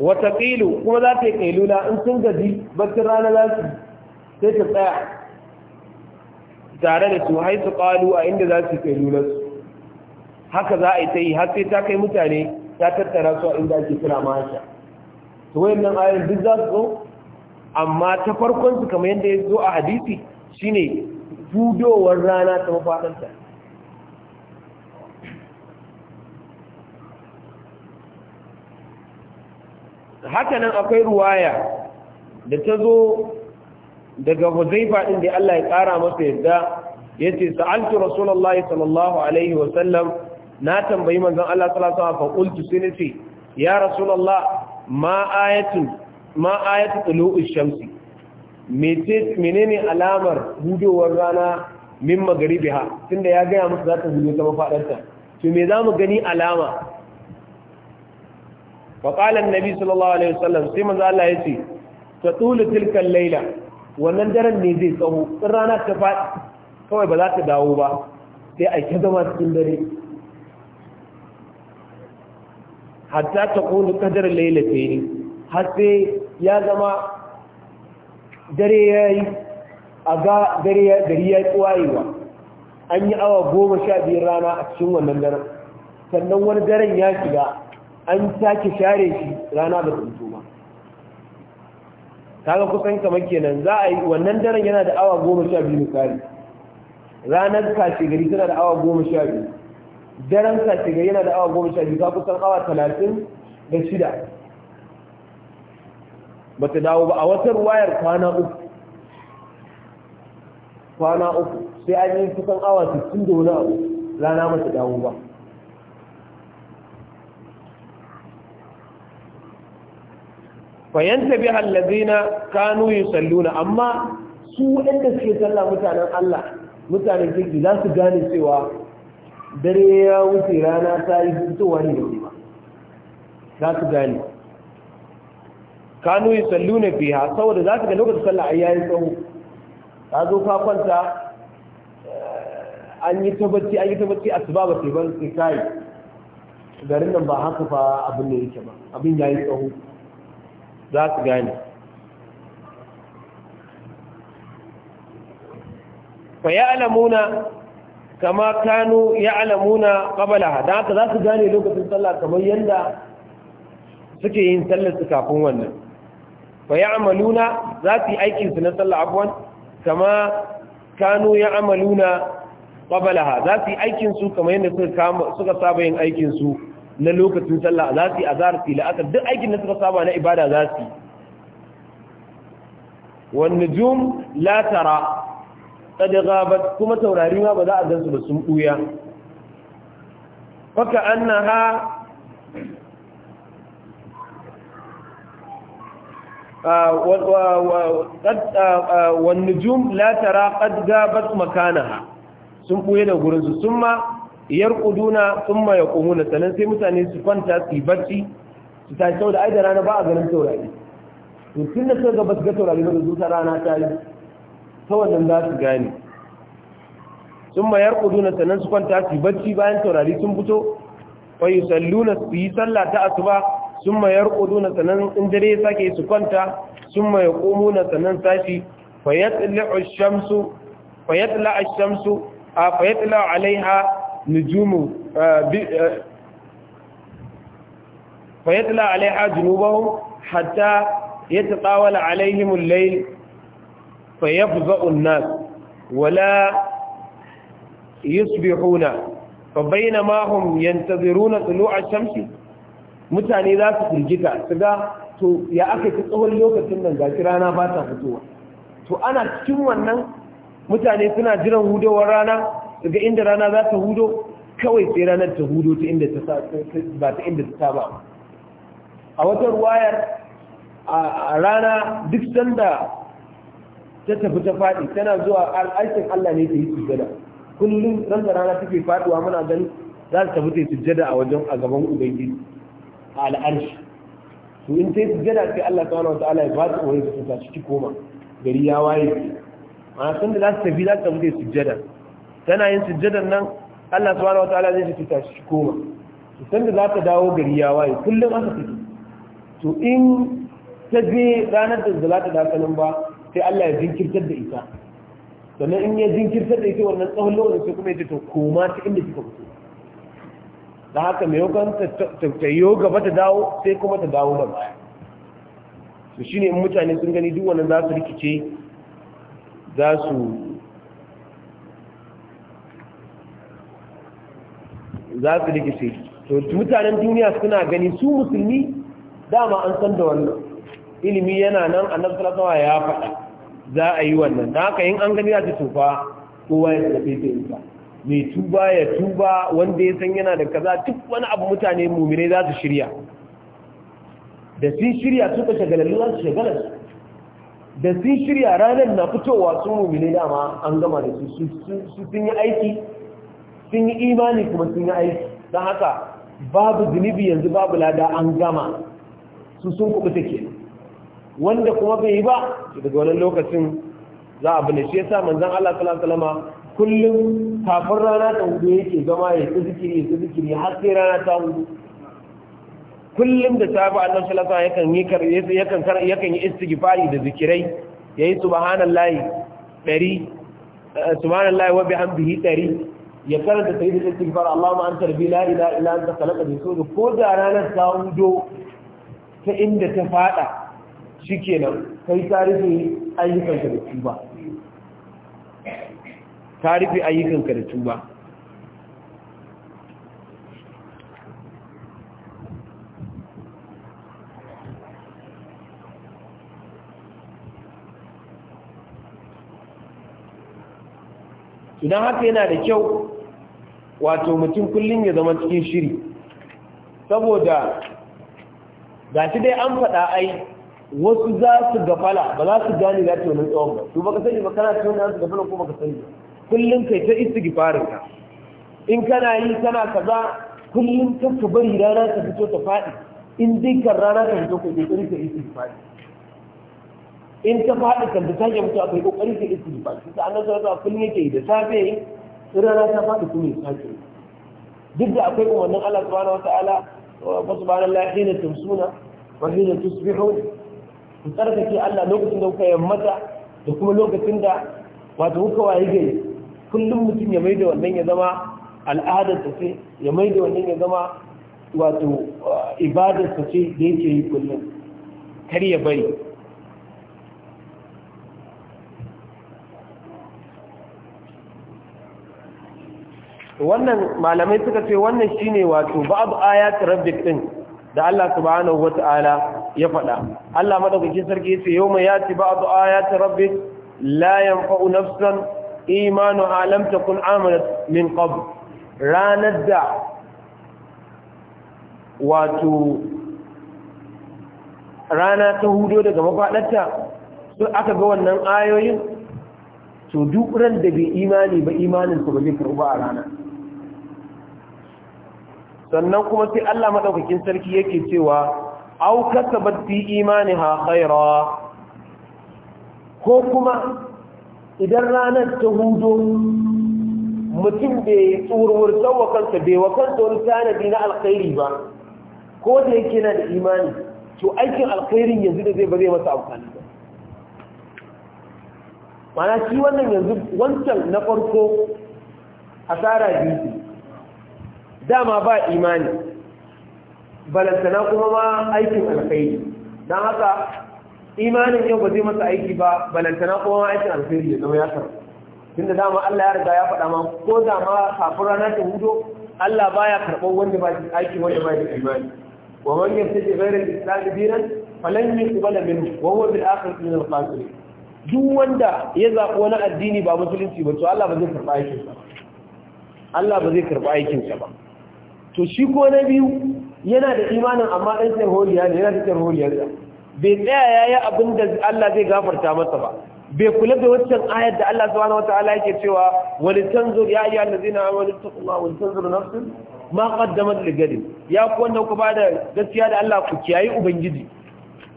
Speaker 1: Wataƙilu kuma za ta yi ƙailula in sun gaji barcin rana za su sai ta tsaya tare da su haitu ƙalu a inda za su ƙailularsu haka za a yi ta yi har sai ta kai mutane ta tattara su a inda ake kira mahasha to wayannan ayoyin duk za su zo amma ta farkon su kamar yadda ya zo a hadisi shine fudowar rana ta mafadanta haka nan akwai ruwaya da ta zo daga huzaifa ɗin da Allah ya kara masa yadda ya ce sa'altu rasulallah sallallahu alaihi wasallam na tambayi manzon Allah sallallahu alaihi wasallam fa qultu sai ya rasulullah ma ayatu ma ayatu tulu'ush shamsi menene alamar hudowar rana min magaribiha tunda ya gaya musu za ta hudo ta mafadarta to me za mu gani alama فقال النبي صلى الله عليه وسلم sai manzo Allah ya ce ta tulu tilkan laila wannan daren ne zai tsaho in rana ta faɗi kawai ba za ta dawo ba sai a ta zama cikin dare hatta ta kunu kadar ne har sai ya zama dare yayi a ga dare ya gari ya tsuwayewa an yi awa goma sha biyar rana a cikin wannan daren sannan wani daren ya shiga an sake share shi rana ba ta fito ba kaga kusan kamar kenan za a yi wannan daren yana da awa goma sha biyu misali ranar kashe gari tana da awa goma sha biyu daren satirai yana da awa goma sha biyu ta kusan awa talatin da shida ba ta dawo ba a wata ruwayar kwana uku kwana uku sai an yi kusan awa 60 da wani abu rana mata dawo ba fayanta bi hallazina kanu yusalluna amma su wanda suke sallah mutanen Allah mutanen kirki za su gane cewa dare ya wuce rana ta yi fitowa ne da ba za su gani kanu yi sallu na fiha saboda za su ga lokacin sallah a yayin tsawo ta zo ka kwanta eh, an yi tabbaci an yi tabbaci a su ba ba teban su kayi garin nan ba haka fa abin da yake ba abin yayin tsawo za su gani fa ya alamuna kama kanu alamuna qablaha dan haka za su gane lokacin sallah kamar yadda suke yin sallar su kafin wannan fa ya'maluna za su yi aikin su na sallah afwan kama kanu ya'maluna qablaha za su yi aikin su kamar yadda suka saba yin aikin su na lokacin sallah za su yi azhar fi la'asar duk aikin da suka saba na ibada za su yi wan nujum la tara kada ghabat kuma taurari ma ba za a gansu ba sun buya faka annaha wan nujum la tara qad ghabat makanaha sun buye da gurin su summa yarquduna summa yaqumuna sanan sai mutane su kwanta su bacci su tashi da ai da rana ba a ganin taurari to tun da suka ga basu ga taurari ba da zuwa rana ta yi ta wannan za su gane sun mayar ƙuduna sannan su kwanta su bacci bayan taurari sun fito kwayo salluna su yi sallah ta asu ba sun mayar ƙuduna sannan in dare ya sake su kwanta sun mai ƙomuna sannan sashi fayyatla a shamsu a fayyatla alaiha nujumu fayyatla alaiha junubahun hatta ya ta tsawala alaihimun lail fa yafza'u an-nas wala yusbihuna fa bainama hum yantaziruna tulu'a ash-shamsi mutane za su firgita su to ya aka ci lokacin nan gashi rana ba fitowa to ana cikin wannan mutane suna jiran hudowar rana ga inda rana za ta hudo kawai sai ranar ta hudo ta inda ta ba a wata ruwayar a rana duk sanda ta tafi ta faɗi tana zuwa aikin Allah ne ta yi sujjada kullum ran da rana take faduwa muna ganin za ta tafi ta yi sujjada a wajen a gaban ubangiji a al'arshi to in ta yi sujjada sai Allah subhanahu ta'ala ya ba ta wani su ta ciki koma gari ya waye san sanda za ta tafi za ta tafi ta yi sujjada tana yin sujjadan nan Allah subhanahu ta'ala zai ta ta ciki koma san sanda za ta dawo gari ya waye kullum aka fito to in ta je ranar da za ta dakalin ba sai Allah ya jinkirtar da ita sannan in ya jinkirtar da ita wannan tsawon lokacin sai kuma yake to koma ta inda kika fito da haka mai yi tattayo gaba ta dawo sai kuma ta dawo da baya su shine in mutane sun gani duk wannan za su rikice za su za su rikice to mutanen duniya suna gani su musulmi dama an san da wannan ilimi yana nan annabi sallallahu alaihi wasallam ya faɗa za a yi wannan da haka yin an gani za su tufa kowa ya tafi ta ba mai tuba ya tuba wanda ya san yana da kaza duk wani abu mutane mumire za su shirya da sun shirya suka shagalallu za su shagalar su da sun shirya ranar na fitowa sun mumine dama an gama da su sun yi aiki sun yi imani kuma sun yi aiki don haka babu zunubi yanzu babu lada an gama su sun kuɓuta kenan wanda kuma bai yi ba daga wani lokacin za a bane shi yasa manzon Allah sallallahu alaihi wasallam kullum kafin rana ta hudu yake zama ya yi zikiri ya zikiri har sai rana ta hudu kullum da safi annabi sallallahu alaihi wasallam yakan yakan yakan yi istighfari da zikirai yayi subhanallahi 100 eh, subhanallahi wa bihamdihi 100 ya karanta da istighfar Allahumma anta rabbi la ilaha illa anta khalaqtani min ko da ranar ta hudu ta inda ta fada shi nan kai tarifi ayyukanka da tuba tarifi ayyukanka da tuba idan haka yana da kyau wato mutum kullum ya zama cikin shiri saboda ga shi dai an faɗa ai wasu za su gafala ba za su gane lati wannan tsawon ba to baka sani ba kana cikin wannan gafala ko baka sani ba kullum kai ta istighfarin ka in kana yi kana kaza kullum ka ka bari rana ta fito ta faɗi. in dai kan rana ta fito kai kokari ka istighfari in ta faɗi kan ta take mutu akai kokari ka istighfari sai annabi sallallahu alaihi kullum yake da safe in rana ta fadi kuma ya sake duk da akwai umarnin Allah subhanahu wa ta'ala wa subhanallahi hina tumsuna wa hina tusbihun ku tsarkake Allah lokacin da kuka yammata da kuma lokacin da wato kuka waye gari kullum mutum ya maida wannan ya zama al'adar ta ce ya maida wannan ya zama wato uh, ibadar ta ce da yake yi kullum kar ya bari wannan malamai suka ce wannan shine wato babu ayat rabbik din da Allah subhanahu wata'ala ya faɗa Allah maɗaukakin sarki yace yawma yati ya ayati rabbi, la yanfa'u nafsan imanu alam takun amalat min qabl ranar da wato rana ta hudo daga mafaɗarta su aka ga wannan ayoyin to duk ran da bai imani ba imaninsa ba zai karɓa a rana sannan kuma sai Allah maɗaukakin sarki yake cewa au kasabat fi imaniha khaira ko kuma idan ranar ta hudo mutum bai tsurwurtar wa kansa bai wa kansa wani tanadi na alkhairi ba ko da yake na da imani to aikin alkhairin yanzu da zai ba zai masa amfani ba mana shi wannan yanzu wancan na farko asara biyu dama ba imani balantana kuma ma aikin alkhairi don haka imanin yau ba zai masa aiki ba balantana kuma ma aikin alkhairi ya zama ya sarrafa tun da dama Allah ya riga ya faɗa ma ko da ma kafin rana ta hudo Allah baya karɓar wanda ba shi aiki wanda ba shi imani wa man yabtaji ghayra al-islam dinan falan yuqbala minhu wa huwa bil akhir min al qasir duk wanda ya zaɓi wani addini ba musulunci ba to Allah ba zai karɓa aikin sa ba Allah ba zai karɓa aikin sa ba to shi ko na biyu yana da imanin amma ɗan holiya ne yana da ne bai tsaya ya yi abin da Allah zai gafarta masa ba bai kula da waccan ayar da Allah subhanahu ta'ala yake cewa wani tanzur ya ayyuhal ladina amanu taqullaha wal tanzur nafsun ma qaddamat li gadin ya ku wanda ku bada gaskiya da Allah ku kiyayi ubangiji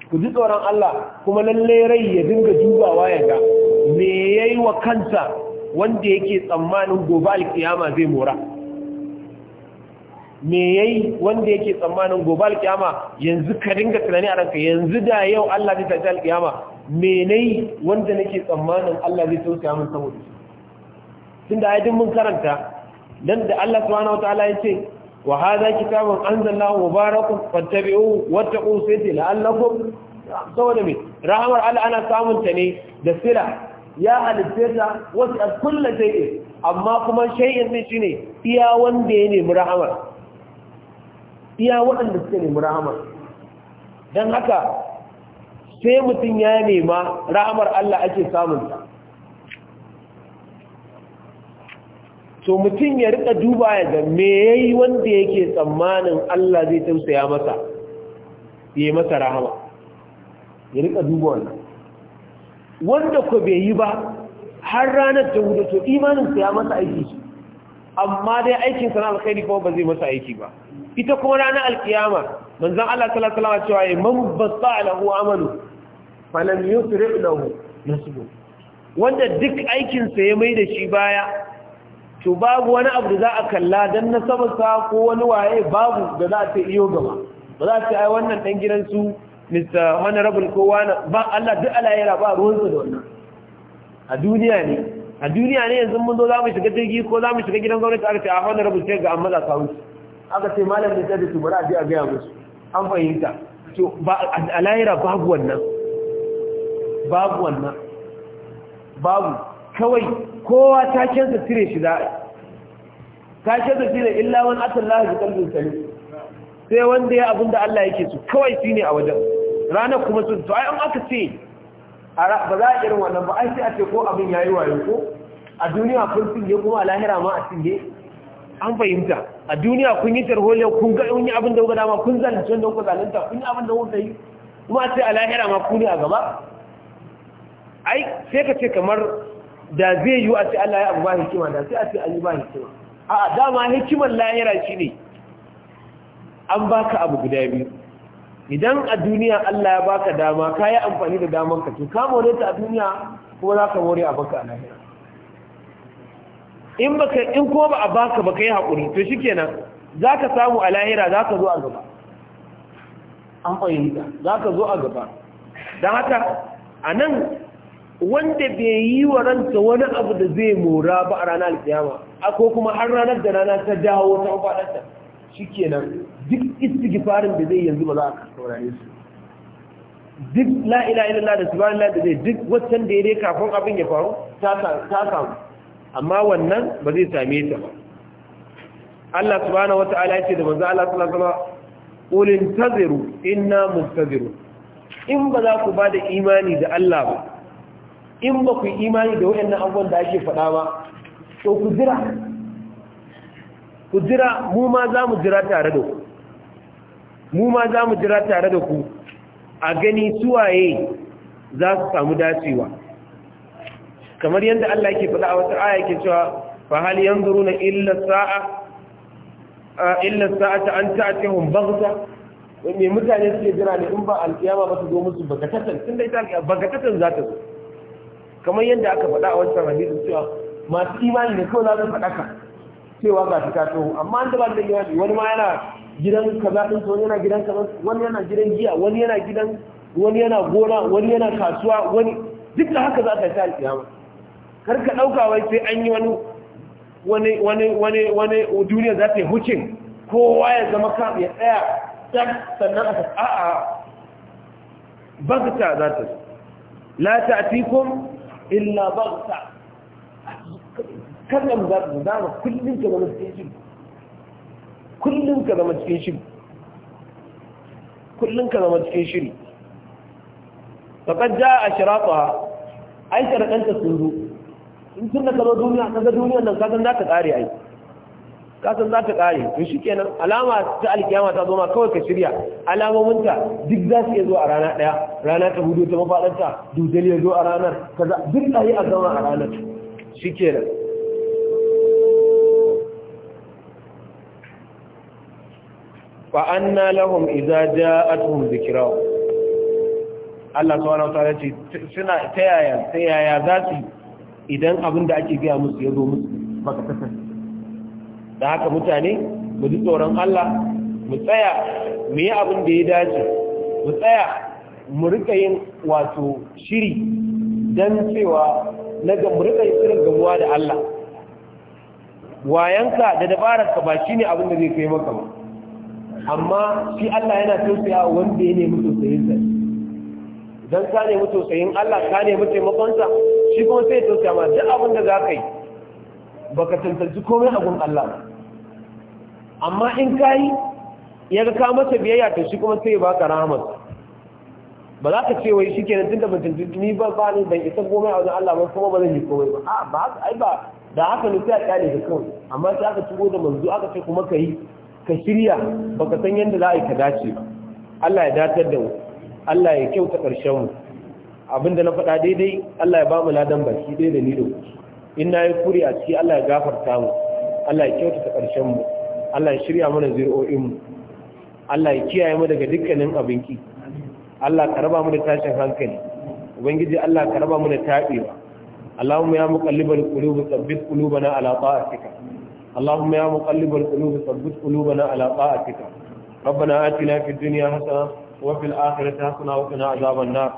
Speaker 1: ku ji tsoron Allah kuma lalle rai ya dinga dubawa ya ga me yayi wa kansa wanda yake tsammanin gobe alkiyama zai mora me yayi wanda yake tsammanin gobal kiyama yanzu ka dinga tunani a ranka yanzu da yau Allah zai tafi alkiyama me nayi wanda nake tsammanin Allah zai tausaya mun saboda tunda ayatin mun karanta dan da Allah subhanahu wataala yace wa hadha kitabun anzalallahu mubarakun fattabi'u wattaqu sayyidi la'allakum saboda me rahmar Allah ana samun ta ne da sira ya halitta ta wasu kullu shay'in amma kuma shay'in ne shine iya wanda ya nemi rahmar iya waɗanda suka nemi rahama don haka sai mutum ya nema rahamar Allah ake samunta so mutum ya rika duba ya ga me yi wanda yake tsammanin Allah zai tausaya masa yi masa rahama ya rika duba wannan wanda ku bai yi ba har ranar ta wuce to imanin sa ya masa aiki amma dai aikinsa na alkhairi kuma ba zai masa aiki ba ita kuma ranar alkiyama manzon Allah sallallahu alaihi wasallam cewa man batta lahu amalu falam yusri lahu nasibu wanda duk aikin sa ya mai da shi baya to babu wani abu da za a kalla dan sa ko wani waye babu da za ta iyo gaba ba za ta ai wannan dan gidansu Mr. Honorable ko wani ba Allah duk alayira ba ruwansa da wannan a duniya ne a duniya ne yanzu mun zo za mu shiga jirgi ko za mu shiga gidan gwamnati a ce a honorable sai ga an maza ka wuce aka ce malam ne sai da su bari a biya a gaya musu an fahimta to ba a lahira babu wannan babu wannan babu kawai kowa kensa cire shi za a takensa cire illa wani atan lahaji kalbin sani sai wanda ya da Allah yake su kawai shine ne a wajen ranar kuma sun to ai an aka ce ba za a irin wannan ba ai sai a ce ko abin yayi wayo ko a duniya kun cinye kuma a lahira ma a cinye an fahimta a duniya kun yi tarholiyar kun ga yi abin da kuka dama kun zalunci da kuka zalinta kun yi abin da kuka yi kuma sai a lahira ma ku ne a gaba ai sai ka ce kamar da zai yi a ce Allah ya abu ba hikima da sai a ce an yi ba hikima a dama hikimar lahira shi ne an baka abu guda biyu idan a duniya Allah ya baka dama ka yi amfani da damar ka to ka more ta a duniya kuma za ka more a baka a lahira in baka in ko ba a baka ba kai hakuri to shikenan zaka samu a lahira zaka zo a gaba an fahimta zaka zo a gaba dan haka anan wanda bai yi wa ranta wani abu da zai mora ba a ranar alkiyama ko kuma har ranar da rana ta dawo ta fadarta shikenan duk istighfarin da zai yanzu ba za a saurare su duk la ilaha illallah da subhanallah da zai duk waccan da ya kafin abin ya faru ta samu amma wannan ba zai same ta ba Allah subhanahu wata'ala yake da manzo Allah sallallahu alaihi wasallam qul intaziru inna muntazirun in ba za ku bada imani da Allah ba in ba ku imani da wayannan abubuwan da ake faɗa ba to ku jira ku jira mu ma za mu jira tare da ku mu ma za mu jira tare da ku a gani suwaye za su samu dacewa kamar yadda Allah yake faɗa a wata aya yake cewa fa hal yanzuruna illa sa'a illa sa'ata an ta'tihum baghta me mutane suke jira ne in ba alkiyama ba su zo musu bagatatan tun da ita bagatatan za ta zo kamar yadda aka faɗa a wancan hadisin cewa masu imani ne kawai za su faɗa ka cewa ga ta taho amma an ba da imani wani ma yana gidan kaza din to yana gidan kaza wani yana gidan giya wani yana gidan wani yana gona wani yana kasuwa wani duk da haka za ta ta alkiyama kar ka ɗauka wai sai an yi wani wani wani wani duniya za ta yi hukin kowa ya zama ka ya
Speaker 2: tsaya tak sannan aka a'a
Speaker 1: bagta za ta la ta'tikum illa bagta kallon za ta zama kullum ka zama cikin shi kullum ka zama cikin shi kullum ka zama cikin shiri faqad jaa ashraqaha aisha da ɗanta sun in tun da ka duniya kaga ga nan ka san za ta kare ai ka san za ta kare to shikenan alama ta alkiyama ta zo ma kawai ka shirya alamominta duk za su iya zo a rana daya rana ta hudu ta mafaɗanta dudali ya zo a ranar kaza duk ɗaya a zama a ranar shikenan anna lahum idza ja'atuhum dhikra Allah subhanahu wa ta'ala ce suna tayaya tayaya za su idan abin da ake gaya musu ya zo musu baka kasar da haka mutane mu ji tsoron Allah mu tsaya mu yi abin da ya dace mu tsaya mu rika yin wato shiri don cewa na ga mu rika yin shirin gamuwa da Allah wayanka da dabararka ba shi ne abin da zai kai maka ba amma shi Allah yana tausaya wanda ya nemi tausayin sa idan ka nemi tausayin Allah ka nemi taimakonsa shi kuma sai tausaya ma duk abin da za ka yi baka tantanci komai a gun Allah ba amma in ka yi ya ga ka masa biyayya to shi kuma sai ba ka rahamar ba za ka ce wai shi kenan tun da ban tantanci ni ba ba ni ban isa komai a wajen Allah ba kuma ba zan yi komai ba a ba haka ai ba da haka ne sai a kyale da kawai amma sai aka shigo da manzo aka ce kuma ka yi ka shirya baka san yadda za a yi ka dace ba Allah ya datar da mu Allah ya kyauta ƙarshen mu abinda na faɗa daidai Allah ya ba mu ladan baki dai da ni da ku in nayi kuri a ciki Allah ya gafarta mu Allah ya kyautata ƙarshen mu Allah ya shirya mana zuri'o'in mu Allah ya kiyaye mu daga dukkanin abinki Allah ka raba mu da tashin hankali ubangiji Allah ka raba mu da tabewa Allahumma ya muqallibal qulub tsabbit qulubana ala ta'atika Allahumma ya muqallibal qulub tsabbit qulubana ala ta'atika ربنا آتنا في الدنيا حسنة وفي الآخرة حسنة وقنا عذاب النار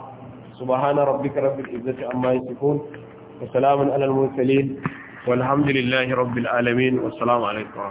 Speaker 1: subhana rabbika rabbil izzati amma yasifun wa salamun alal mursalin والحمد لله رب العالمين والسلام عليكم